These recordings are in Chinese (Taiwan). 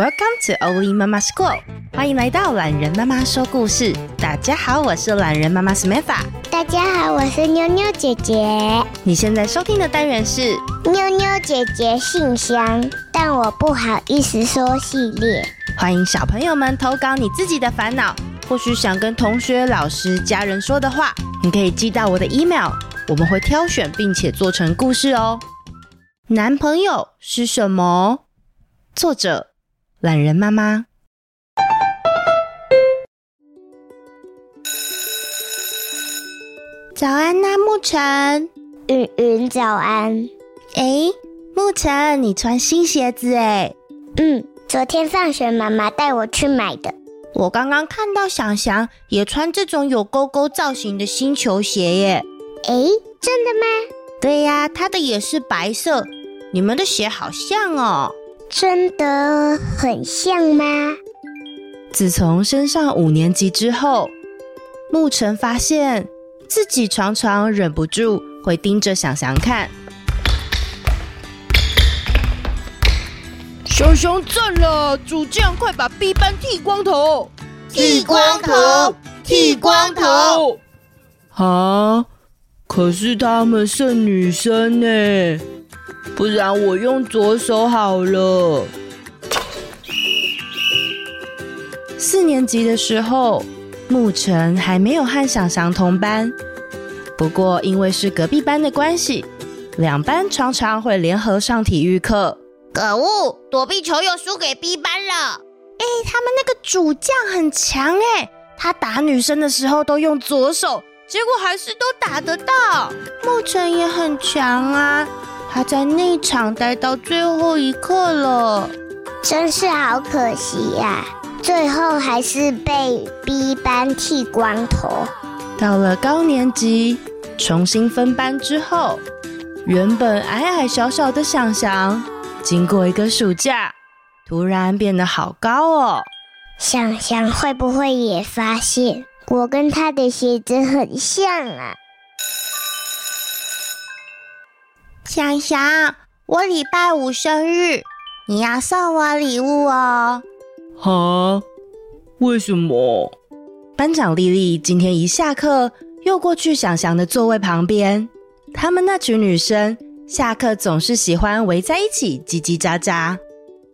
Welcome to Oli Mama School，歡迎來到欖仁媽媽說故事。大家好，我是欖仁媽媽 Smitha。大家好，我是妞妞姐姐。你現在收聽的單元是妞妞姐姐信箱，但我不好意思說系列。歡迎小朋友們投稿你自己的煩惱，或許想跟同學、老師、家人說的話，你可以寄到我的 email，我們會挑選並且做成故事哦。男朋友是什麼？作者。懶仁媽媽早、啊，牧城云云早安，吶，沐晨，云云，早安。哎，沐晨，你穿新鞋子哎？嗯，昨天上學媽媽帶我去買的。我剛剛看到翔翔也穿這種有勾勾造型的新球鞋耶。哎，真的嗎？對呀、啊，他的也是白色，你們的鞋好像哦。真的很像嗎？自從升上五年級之後，沐晨發現自己常常忍不住會盯着想想看。熊熊讚了，主將快把 B 班剃光頭！剃光頭！剃光頭！啊！可是他們是女生呢。不然我用左手好了。四年級的時候，牧塵還沒有和祥祥同班，不過因為是隔壁班的關係，兩班常常會聯合上體育課。可惡，躲避球又輸給 B 班了！哎、欸，他們那個主將很強哎、欸，他打女生的時候都用左手，結果還是都打得到。牧塵也很強啊。他在內場待到最後一刻了，真是好可惜呀、啊！最後還是被逼班剃光頭。到了高年級，重新分班之後，原本矮矮小小的想想，經過一個暑假，突然變得好高哦！想想會不會也發現我跟他的鞋子很像啊？翔翔，我禮拜五生日，你要送我禮物哦。好、啊，為什麼？班長麗麗今天一下課，又過去翔翔的座位旁邊。他們那群女生下課總是喜歡圍在一起嘰嘰喳喳。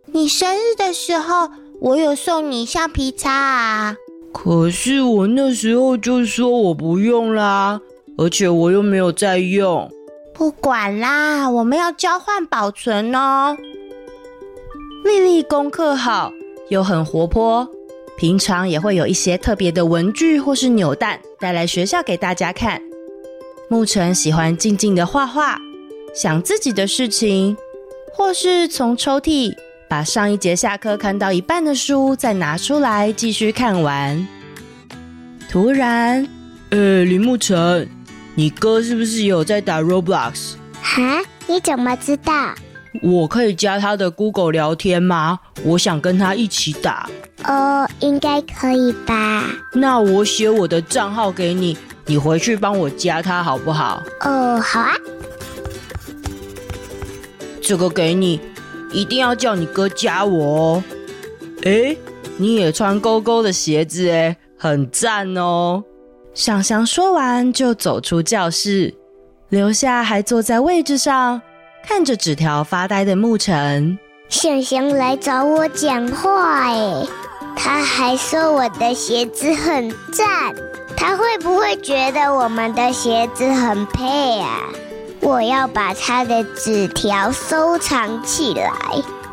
你生日的時候，我有送你橡皮擦啊。可是我那時候就說我不用啦，而且我又沒有在用。不管啦，我們要交換保存哦。麗麗功課好，又很活潑，平常也會有一些特別的文具或是扭蛋帶來學校給大家看。牧塵喜歡靜靜的畫畫，想自己的事情，或是從抽屜把上一節下課看到一半的書再拿出來繼續看完。突然，呃，林牧塵。你哥是不是也有在打 Roblox？哈，你怎麼知道？我可以加他的 Google 聊天嗎？我想跟他一起打。哦，應該可以吧。那我寫我的賬號給你，你回去幫我加他好不好？哦，好啊。這個給你，一定要叫你哥加我哦。哎、欸，你也穿勾勾的鞋子哎，很讚哦。想想說完，就走出教室，留下還坐在位置上看着紙條發呆的沐晨。想想來找我講話，誒，他還說我的鞋子很贊，他會不會覺得我們的鞋子很配啊？我要把他的紙條收藏起來。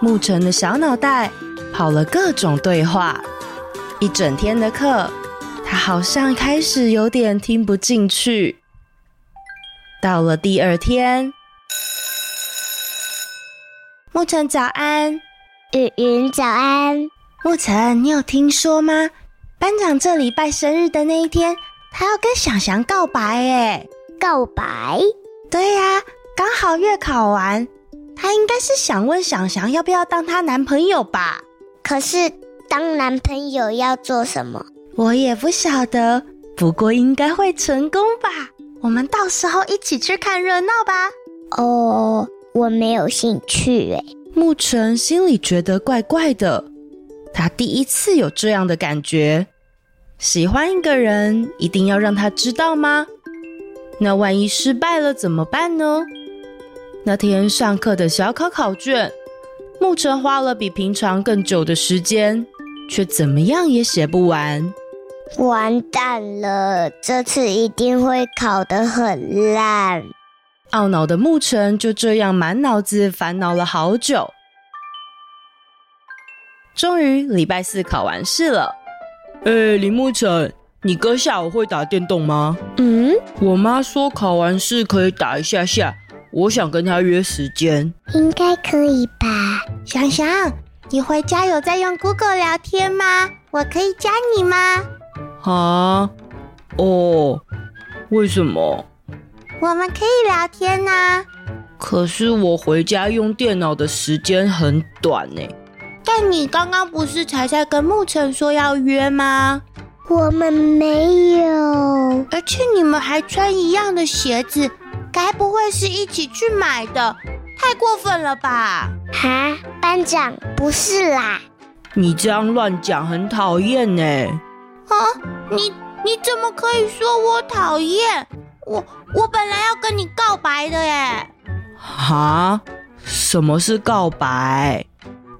沐晨的小腦袋跑了各種對話，一整天的課，他好像開始有點聽不進去。到了第二天，沐晨早安，雨云早安。沐晨，你有聽說嗎？班長這禮拜生日的那一天，他要跟小翔告白誒。告白？對呀、啊，剛好月考完，他應該是想問小翔要不要當他男朋友吧？可是當男朋友要做什麼？我也不曉得，不過應該會成功吧。我們到時候一起去看熱鬧吧。哦，oh, 我沒有興趣誒。牧塵心裡覺得怪怪的，他第一次有這樣的感覺。喜歡一個人，一定要讓他知道嗎？那萬一失敗了怎麼辦呢？那天上課的小考考卷，牧塵花了比平常更久的時間，卻怎麼樣也寫不完。完蛋了，這次一定會考得很爛。懊惱的牧塵就這樣滿腦子煩惱了好久。終於，禮拜四考完試了。哎，林牧塵，你哥下午會打電動嗎？嗯，我媽說考完試可以打一下下，我想跟他約時間。應該可以吧？翔翔，你回家有在用 Google 聊天嗎？我可以加你嗎？啊，哦，為什麼？我們可以聊天呢、啊？可是我回家用電腦的時間很短呢。但你剛剛不是才在跟沐晨說要約嗎？我們沒有。而且你們還穿一樣的鞋子，該不會是一起去買的？太過分了吧！啊，班長，不是啦。你這樣亂講很討厭呢。哦、啊。你你怎麼可以說我討厭？我，我本來要跟你告白的哎！哈？什麼是告白？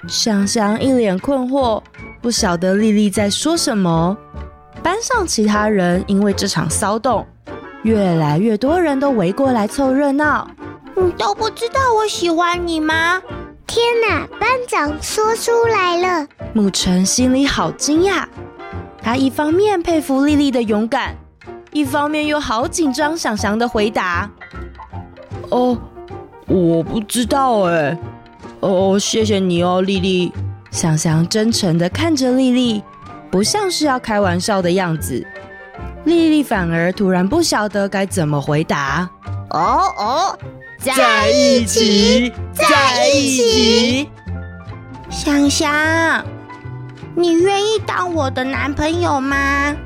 香香一臉困惑，不曉得麗麗在說什麼。班上其他人因為這場騷動，越來越多人都圍過來湊熱鬧。你都不知道我喜歡你嗎？天哪！班長說出來了。牧塵心裡好驚訝。他一方面佩服莉莉的勇敢，一方面又好緊張。翔翔的回答：“哦，我不知道哎。”“哦，謝謝你哦，莉莉。”翔翔真誠的看着莉莉，不像是要開玩笑的樣子。莉莉反而突然不曉得該怎麼回答。哦“哦哦，在一起，在一起，翔翔。”你願意當我的男朋友嗎？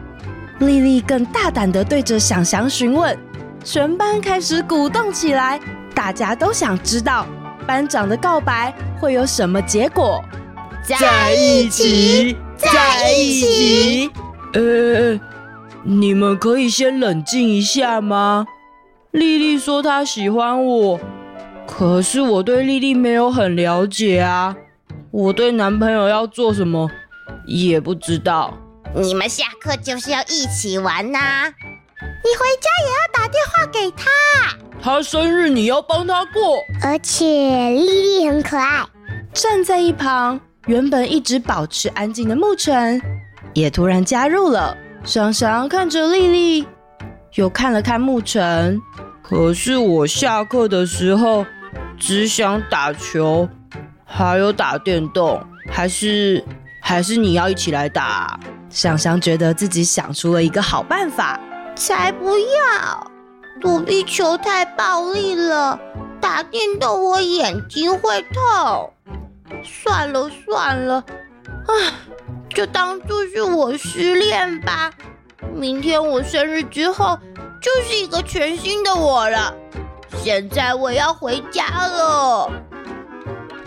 莉莉更大膽地對着祥祥詢問，全班開始鼓動起來，大家都想知道班長的告白會有什麼結果。在一起，在一起。呃、欸，你們可以先冷靜一下嗎？莉莉說她喜歡我，可是我對莉莉沒有很了解啊，我對男朋友要做什麼？也不知道，你們下課就是要一起玩吶、啊！你回家也要打電話給他，他生日你要幫他過，而且莉莉很可愛。站在一旁，原本一直保持安靜的牧塵，也突然加入了。翔翔看着莉莉，又看了看牧塵，可是我下課的時候只想打球，還有打電動，還是。還是你要一起來打？香香覺得自己想出了一個好辦法，才不要躲避球太暴力了，打電到我眼睛會痛。算了算了，唉，就當做是我失戀吧。明天我生日之後就是一個全新的我了。現在我要回家了。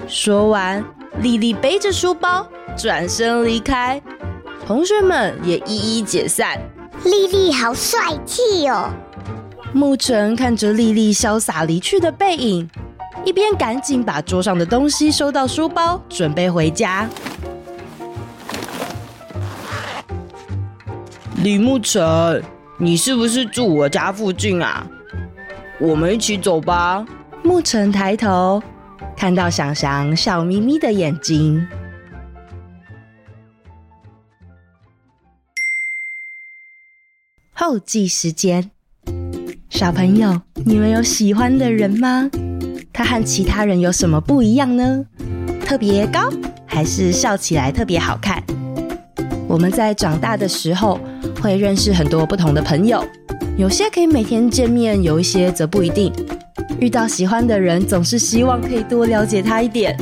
說完，麗麗背着書包轉身離開，同學們也一一解散。莉莉好帥氣哦！牧晨看着莉莉瀟灑離去的背影，一邊趕緊把桌上的東西收到書包，準備回家。李牧晨，你是不是住我家附近啊？我們一起走吧。牧晨抬頭，看到祥祥笑眯眯的眼睛。後記時間，小朋友，你們有喜歡的人嗎？他和其他人有什麼不一樣呢？特別高，還是笑起來特別好看？我們在長大的時候會認識很多不同的朋友，有些可以每天見面，有一些則不一定。遇到喜歡的人，總是希望可以多了解他一點。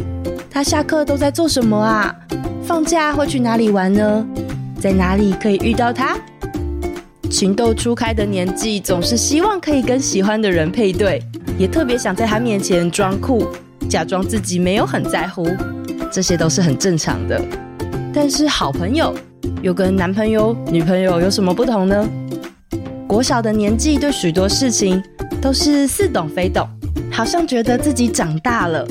他下課都在做什麼啊？放假會去哪裡玩呢？在哪裡可以遇到他？情竇初開的年紀，總是希望可以跟喜歡的人配對，也特別想在他面前裝酷，假裝自己沒有很在乎，這些都是很正常的。但是好朋友，又跟男朋友、女朋友有什麼不同呢？國小的年紀，對許多事情都是似懂非懂，好像覺得自己長大了，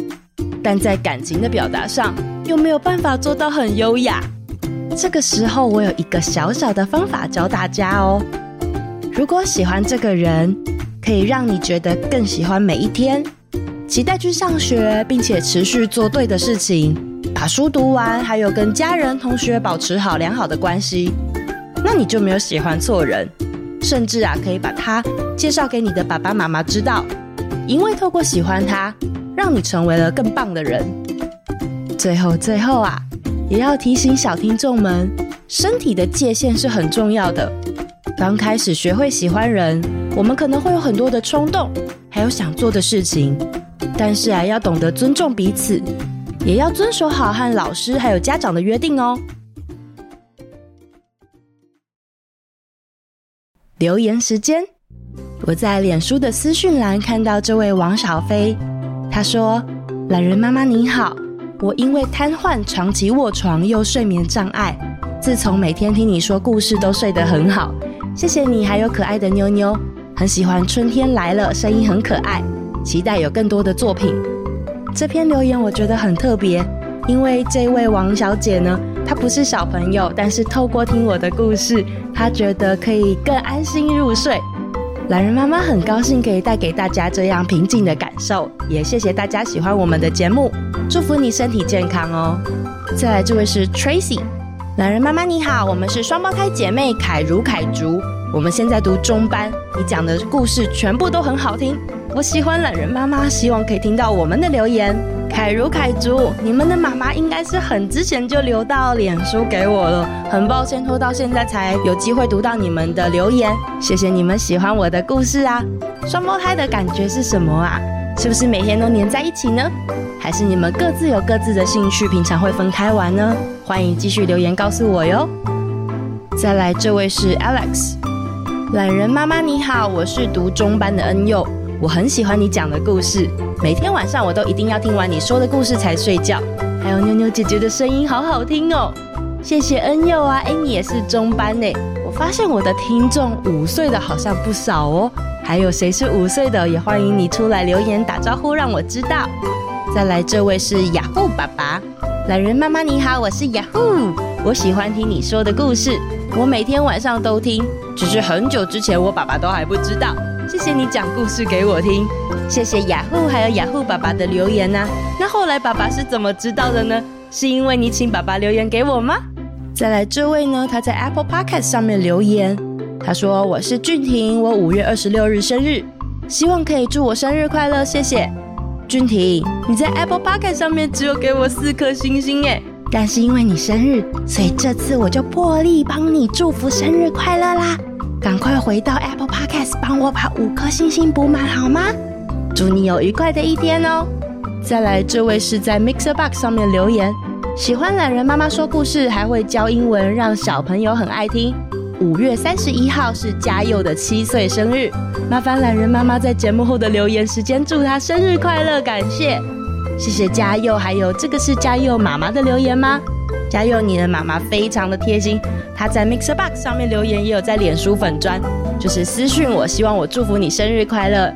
但在感情的表達上，又沒有辦法做到很優雅。這個時候，我有一個小小的方法教大家哦。如果喜歡這個人，可以讓你覺得更喜歡每一天，期待去上學，並且持續做對的事情，把書讀完，還有跟家人、同學保持好良好的關係，那你就沒有喜歡錯人，甚至啊，可以把他介紹給你的爸爸媽媽知道，因為透過喜歡他，讓你成為了更棒的人。最後，最後啊。也要提醒小聽眾們，身體的界限是很重要的。剛開始學會喜歡人，我們可能會有很多的衝動，還有想做的事情，但是啊，要懂得尊重彼此，也要遵守好和老師還有家長的約定哦。留言時間，我在臉書的私訊欄看到這位王小飛，他說：“欖仁媽媽您好。”我因為癱瘓長期臥床又睡眠障礙，自從每天聽你說故事都睡得很好，謝謝你還有可愛的妞妞，很喜歡春天來了聲音很可愛，期待有更多的作品。這篇留言我覺得很特別，因為這位王小姐呢，她不是小朋友，但是透過聽我的故事，她覺得可以更安心入睡。欖仁媽媽很高興可以帶給大家這樣平靜的感受，也謝謝大家喜歡我們的節目，祝福你身體健康哦。再來這位是 Tracy，欖仁媽媽你好，我們是雙胞胎姐妹凱如凱竹，我們現在讀中班，你講的故事全部都很好聽，我喜歡欖仁媽媽，希望可以聽到我們的留言。凱如凱竹，你們的媽媽應該是很之前就留到臉書給我了，很抱歉拖到現在才有機會讀到你們的留言，謝謝你們喜歡我的故事啊！雙胞胎的感覺是什麼啊？是不是每天都黏在一起呢？還是你們各自有各自的興趣，平常會分開玩呢？歡迎繼續留言告訴我喲。再來這位是 Alex，欖仁媽媽你好，我是讀中班的恩佑。我很喜歡你講的故事，每天晚上我都一定要聽完你說的故事才睡覺。還有妞妞姐姐的聲音好好聽哦，謝謝恩佑啊！哎、欸，你也是中班呢。我發現我的聽眾五歲的好像不少哦。還有誰是五歲的？也歡迎你出來留言打招呼，讓我知道。再來，這位是雅虎、ah、爸爸，欖仁媽媽你好，我是雅虎、ah，我喜歡聽你說的故事，我每天晚上都聽，只是很久之前我爸爸都還不知道。謝謝你講故事給我聽，謝謝雅虎、ah、還有雅虎、ah、爸爸的留言吶、啊。那後來爸爸是怎麼知道的呢？是因為你請爸爸留言給我嗎？再來這位呢，他在 Apple Podcast 上面留言，他說我是俊廷，我五月二十六日生日，希望可以祝我生日快樂，謝謝。俊廷，你在 Apple Podcast 上面只有給我四顆星星耶，但是因為你生日，所以這次我就破例幫你祝福生日快樂啦。趕快回到 Apple Podcast，幫我把五顆星星補滿好嗎？祝你有愉快的一天哦！再來，這位是在 Mixer Box 上面留言，喜歡欖仁媽媽說故事，還會教英文，讓小朋友很愛聽。五月三十一號是佳佑的七歲生日，麻煩欖仁媽媽在節目後的留言時間祝她生日快樂，感謝，謝謝佳佑。還有這個是佳佑媽媽的留言嗎？嘉佑，你的媽媽非常的貼心，她在 Mixer Box 上面留言，也有在臉書粉專，就是私訊我，希望我祝福你生日快樂。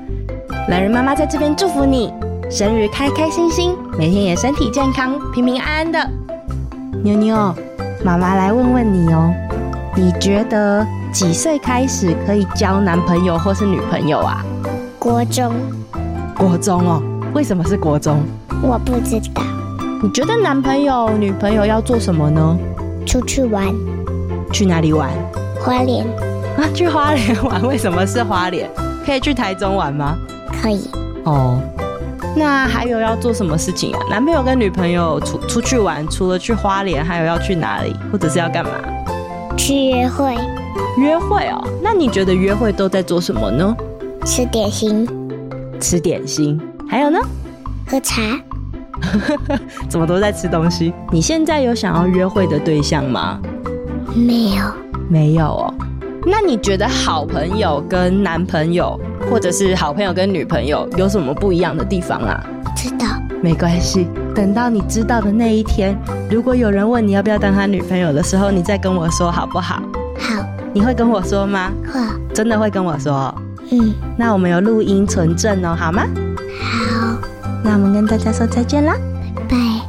欖仁媽媽在這邊祝福你生日開開心心，每天也身體健康，平平安安的。妞妞，媽媽來問問你哦，你覺得幾歲開始可以交男朋友或是女朋友啊？國中。國中哦？為什麼是國中？我不知道。你覺得男朋友、女朋友要做什麼呢？出去玩，去哪裡玩？花蓮。啊，去花蓮玩？為什麼是花蓮？可以去台中玩嗎？可以。哦，那還有要做什麼事情啊？男朋友跟女朋友出出去玩，除了去花蓮，還有要去哪裡，或者是要幹嘛？去約會。約會哦？那你覺得約會都在做什麼呢？吃點心。吃點心，還有呢？喝茶。呵呵呵， 怎麼都在吃東西？你現在有想要約會的對象嗎？沒有，沒有哦。那你覺得好朋友跟男朋友，或者是好朋友跟女朋友，有什麼不一樣的地方啊？知道，沒關係。等到你知道的那一天，如果有人問你要不要當他女朋友的時候，你再跟我說好不好？好，你會跟我說嗎？會我，真的會跟我說。嗯，那我們有錄音存證哦，好嗎？那我們跟大家說再見啦，拜拜。